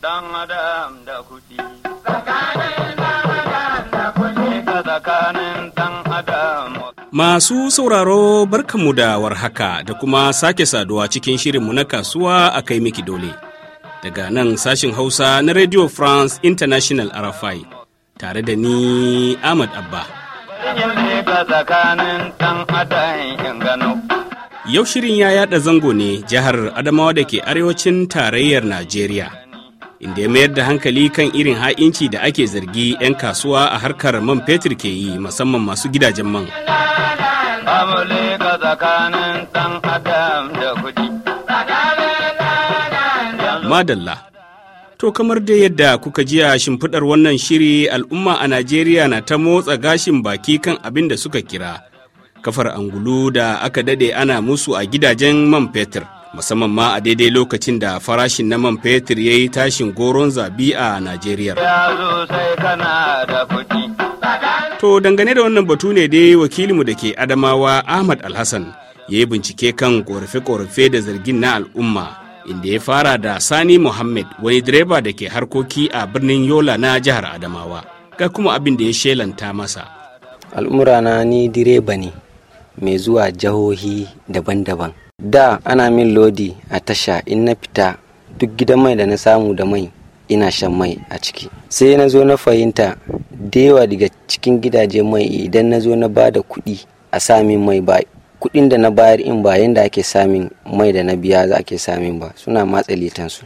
Dan adam da kuɗi. Masu sauraro barkanmu da warhaka da kuma sake saduwa cikin shirinmu na kasuwa a kai miki dole. Daga nan sashin Hausa na Radio France International RFI tare da ni Ahmad Abba. Yau shirin ya yada zango ne jihar Adamawa da ke arewacin tarayyar Najeriya. inda ya mayar da hankali kan irin ha'inci da ake zargi 'yan kasuwa a harkar man fetur ke yi musamman masu gidajen man. Madalla To kamar da yadda kuka jiya shimfiɗar wannan shiri al'umma a Najeriya na ta motsa gashin baki kan abin da suka kira kafar angulu da aka dade ana musu a gidajen man fetur. musamman ma a daidai lokacin da farashin na man fetur ya yi tashin goron zabi a Najeriya. To dangane da wannan batu ne dai wakilinmu da ke Adamawa Ahmad Alhassan ya yi bincike kan korafe-korafe da zargin na al'umma inda ya fara da Sani Muhammad wani direba da ke harkoki a birnin Yola na jihar Adamawa. Ga kuma abin da ya shelanta masa. na ni direba ne mai zuwa jihohi daban-daban. da ana min lodi a tasha in na fita duk gidan mai da na samu da mai ina shan mai a ciki sai na zo na fahimta da yawa daga cikin gidaje mai idan na zo na ba da kuɗi a samin mai ba kuɗin da na bayar in ba yadda ake samin mai da na biya za ake samin ba suna matsa su.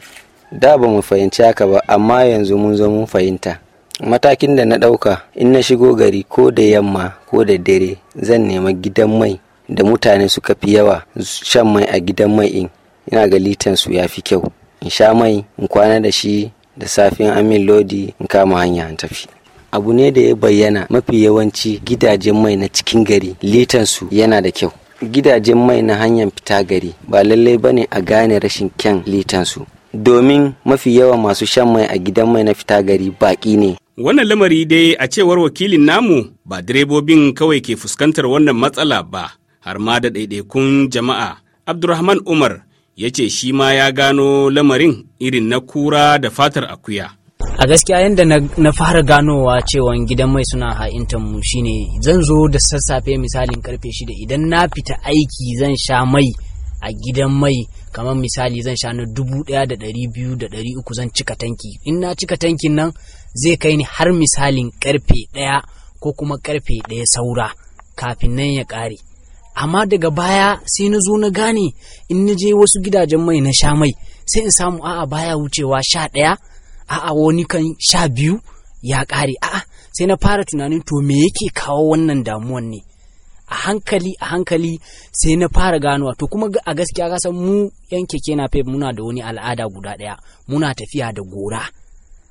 da ba mu fahimci haka ba amma yanzu mun zo mun fahimta matakin da na ɗauka in na shigo gari ko da yamma ko da dare zan nema gidan mai da mutane suka fi yawa shan mai a gidan mai in ina ga litan su ya fi kyau in sha mai in kwana da shi da safin amin lodi in kama hanya in tafi abu ne da ya bayyana mafi yawanci gidajen mai na cikin gari litan su yana da kyau gidajen mai na hanyar fita gari ba lallai bane a gane rashin kyan litan su domin mafi yawa masu shan mai a gidan mai na fita gari baki ne Wannan lamari dai a cewar wakilin namu ba direbobin kawai ke fuskantar wannan matsala ba, har ma da ɗaiɗaikun jama'a abdurrahman umar ya ce shi ma ya gano lamarin irin na kura da fatar akuya a gaskiya yadda na fara ganowa cewa gidan mai suna ha'intan mu shine zan zo da sassafe misalin karfe shida idan na fita aiki zan sha mai a gidan mai kamar misali zan sha na dubu daya da dari biyu da dari uku zan cika tanki in na cika tankin nan zai kai ni har misalin karfe daya ko kuma karfe daya saura kafin nan ya kare amma daga baya sai na zo na gane in na je wasu gidajen mai na sha mai sai in samu a'a baya wucewa sha ɗaya a'a wani kan sha biyu ya ƙare a'a sai na fara tunanin to me yake kawo wannan damuwan ne a hankali a hankali sai na fara ganowa to kuma a gaskiya ka san mu yan keke na fef muna da wani al'ada guda ɗaya muna tafiya da gora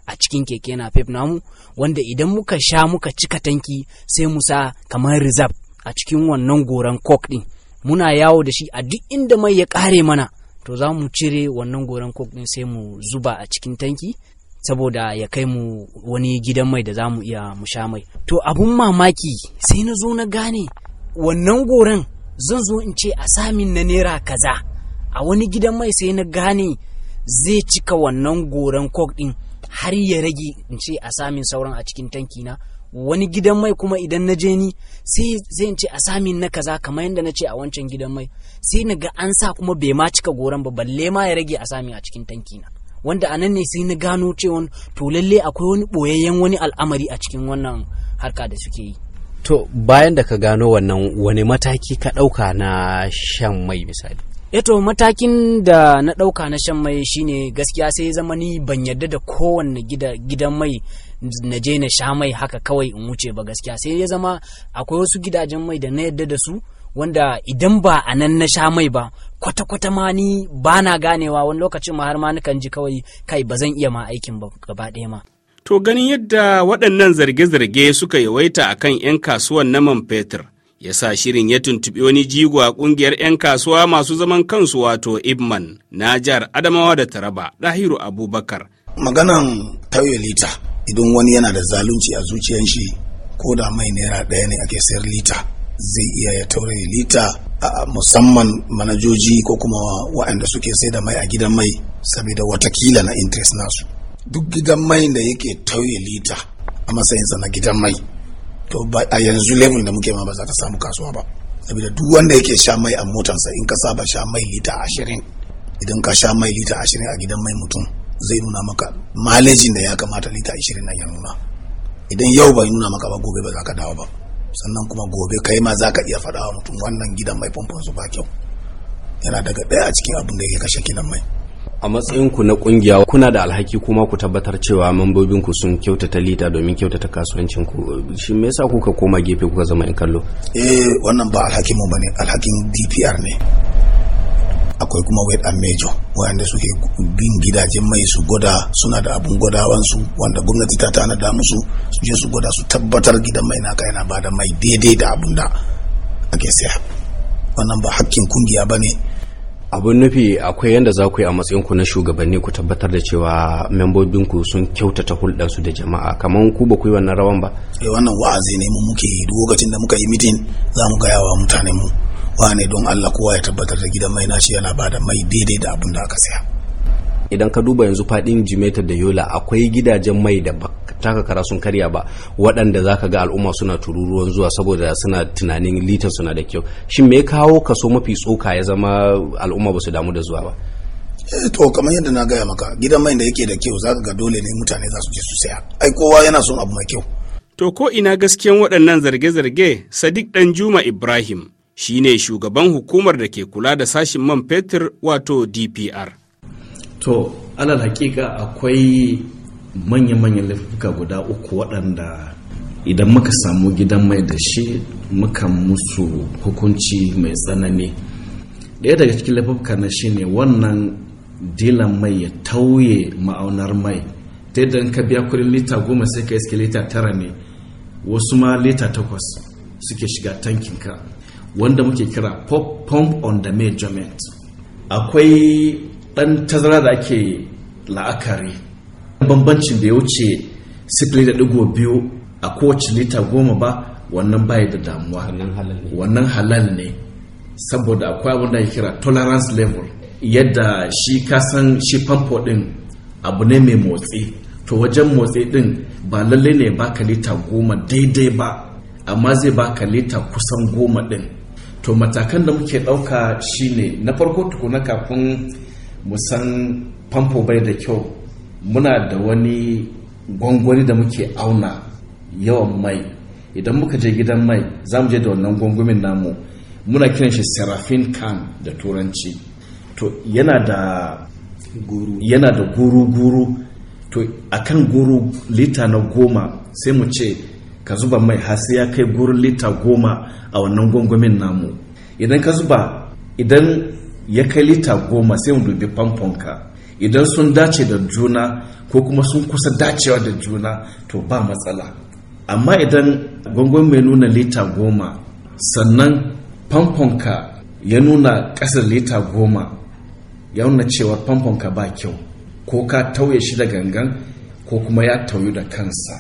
a cikin keke na fef namu wanda idan muka sha muka cika tanki sai mu sa kamar reserve a cikin wannan goran kok ɗin muna yawo da shi a duk inda mai ya ƙare mana to za mu cire wannan goran kok ɗin sai mu zuba a cikin tanki saboda ya kai mu wani gidan mai da za mu iya mu sha mai to abun mamaki sai na zo na gane wannan goran zan zo in ce a samin na nera kaza a wani gidan mai sai na gane zai cika wannan goran kok ɗin har ya rage in ce a samin sauran a cikin tanki na wani gidan mai kuma idan na je ni sai zai ce a sami na kaza kamar yadda na ce a wancan gidan mai sai na ga an sa kuma bai ma cika goron ba balle ma ya rage a sami a cikin tanki na wanda a nan ne sai na gano cewa to lalle akwai wani boyayyen wani al'amari a cikin wannan harka da suke yi to bayan da ka gano wannan wani mataki ka ɗauka na shan mai misali eto eh matakin da na ɗauka na shan mai shine gaskiya sai zama ni ban yadda da kowanne gidan mai na je na sha mai haka kawai in wuce ba gaskiya sai ya zama akwai wasu gidajen mai da na yadda da su wanda idan ba a nan na sha mai ba kwata-kwata ma ni ba na ganewa wani lokacin ma har ma nakan ji kawai kai ba zan iya ma aikin ba gaba ɗaya ma To ganin yadda waɗannan zarge-zarge suka yawaita a kan 'yan kasuwan na man fetur, ya sa shirin ya tuntuɓi wani jigo a ƙungiyar 'yan kasuwa masu zaman kansu wato ibman na jihar adamawa da taraba ɗahiru abubakar maganan tauye lita idan wani yana da zalunci a zuciyan shi ko da mai naira ɗaya ne ake sayar lita zai iya ya tauye lita a musamman manajoji ko kuma waɗanda suke sai da mai a gidan mai saboda watakila na interest nasu duk gidan mai da yake tauye lita a matsayinsa na gidan mai to a yanzu level da muke ma ba za ta samu kasuwa ba saboda duk wanda yake sha mai a motarsa in ka saba sha mai lita ashirin idan ka sha mai lita ashirin a gidan mai mutum zai nuna maka malejin da ya kamata lita ashirin na ya nuna idan yau bai nuna maka ba gobe ba za ka dawo ba sannan kuma gobe kai ma za ka iya faɗawa mutum wannan gidan mai su ba kyau yana daga ɗaya a cikin abin da yake kashe gidan mai a matsayinku na kungiya kuna da alhaki kuma ku tabbatar cewa ku sun kyautata lita domin kyautata kasuwancin ku shi me yasa kuka koma gefe kuka zama in kallo eh wannan ba alhakin mu bane alhakin DPR ne akwai kuma wet and major wayanda suke bin gidajen mai su gwada suna da abun gwadawansu wanda gwamnati ta tanada musu su je su gwada su tabbatar gidan mai naka yana bada mai daidai da abun da ake saya wannan ba hakkin kungiya bane abun nufi akwai yadda za ku yi a matsayinku na shugabanni ku tabbatar da cewa membobinku sun kyautata hulɗarsu da jama'a kamar ku ba ku yi wannan rawan ba e wannan wa'azi ne mu muke yi duk lokacin da muka yi mitin za mu gaya wa mutanen mu wane don Allah kowa ya tabbatar da gidan mai nashi yana bada mai daidai da abun da aka saya idan ka duba yanzu fadin jimeta da yola akwai gidajen mai da ba taka kara sun karya ba waɗanda za ka ga al'umma suna tururuwan zuwa saboda suna tunanin litan suna da kyau shin me kawo kaso mafi tsoka ya zama al'umma ba su damu da zuwa ba eh, to kamar yadda na gaya maka gidan mai da yake da kyau za ga dole ne mutane za su je su saya ai kowa yana son abu mai kyau to ko ina gaskiyan waɗannan zarge-zarge sadiq dan juma ibrahim shine shugaban hukumar da ke kula da sashen man fetur wato dpr to alal hakika akwai manya-manyan laifuka guda uku waɗanda idan muka samu gidan mai da shi muka musu hukunci mai tsanani ɗaya daga cikin laifuka na shi ne wannan dilan mai ya tauye ma'aunar mai ta yadda ka biya kudin lita goma sai ka iske lita tara ne wasu ma lita takwas suke shiga tankinka wanda muke kira pump on the measurement akwai dan tazara da ake la'akari bambancin da ya wuce sifili da digo biyu a kowace lita goma ba wannan bai da damuwa wannan halal ne saboda akwai abin da ya kira tolerance level yadda shi kasan shi famfo din abu ne mai motsi to wajen motsi din ba lalle ne baka lita goma daidai ba amma zai baka lita kusan goma din to matakan da muke ɗauka shine na farko tukuna kafin mu san famfo bai da kyau muna da wani gwangwani da muke auna yawan mai idan muka je gidan mai za mu je da wannan gwangwamin namu muna kiran shi serafin kan da turanci to yana da guru yana da guru guru to akan guru lita na goma sai mu ce ka zuba mai har sai ya kai guru lita goma a wannan gwangwamin namu idan ka zuba idan ya kai lita goma sai mu dubi famfonka idan sun dace da juna ko kuma sun kusa dacewa da juna to ba matsala amma idan gwangwan mai nuna lita goma sannan famfonka ya nuna ƙasar lita goma ya nuna cewa famfonka ba kyau ko ka tauye shi da gangan ko kuma ya tauyu da kansa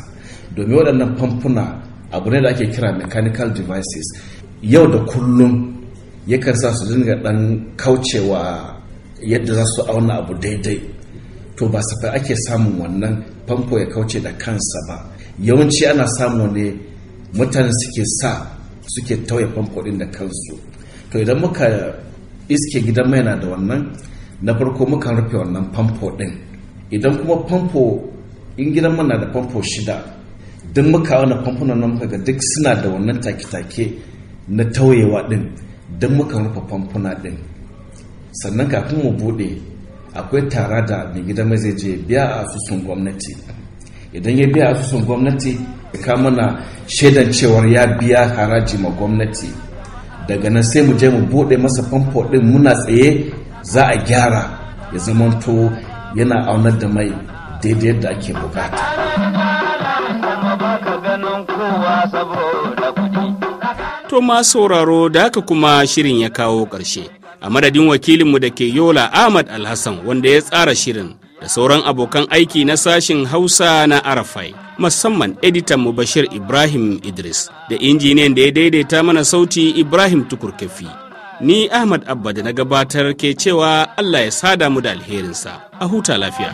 domin waɗannan famfuna abu ne da ake kira mechanical devices yau da kullum yakan sa su dinga dan kaucewa yadda za su auna abu daidai to ba safai ake samun wannan famfo ya kauce da kansa ba yawanci ana samu ne mutane suke sa suke tauye famfo din da kansu to idan muka iske gidan mai na da wannan na farko muka rufe wannan famfo din idan kuma famfo in gidan mana da famfo shida duk muka wani famfo nan muka ga duk suna da wannan take-take na tauyewa din don muka rufe famfuna ɗin sannan kafin mu buɗe akwai tara da mai gida mai zai je biya a asusun gwamnati idan ya biya asusun gwamnati ka mana shaidan cewar ya biya haraji ma gwamnati daga nan sai mu je mu buɗe masa famfo ɗin muna tsaye za a gyara ya zama to yana aunar da mai daidai da ake bukata. To ma sauraro da haka kuma shirin ya kawo ƙarshe. A madadin wakilinmu da ke Yola Ahmad Alhassan wanda ya tsara shirin da sauran abokan aiki na sashin Hausa na Arafai, musamman editan mu Bashir Ibrahim Idris da injiniyan da ya daidaita mana sauti Ibrahim tukurkafi Ni Ahmad Abba da na gabatar ke cewa Allah ya sada mu da alherinsa. A huta lafiya.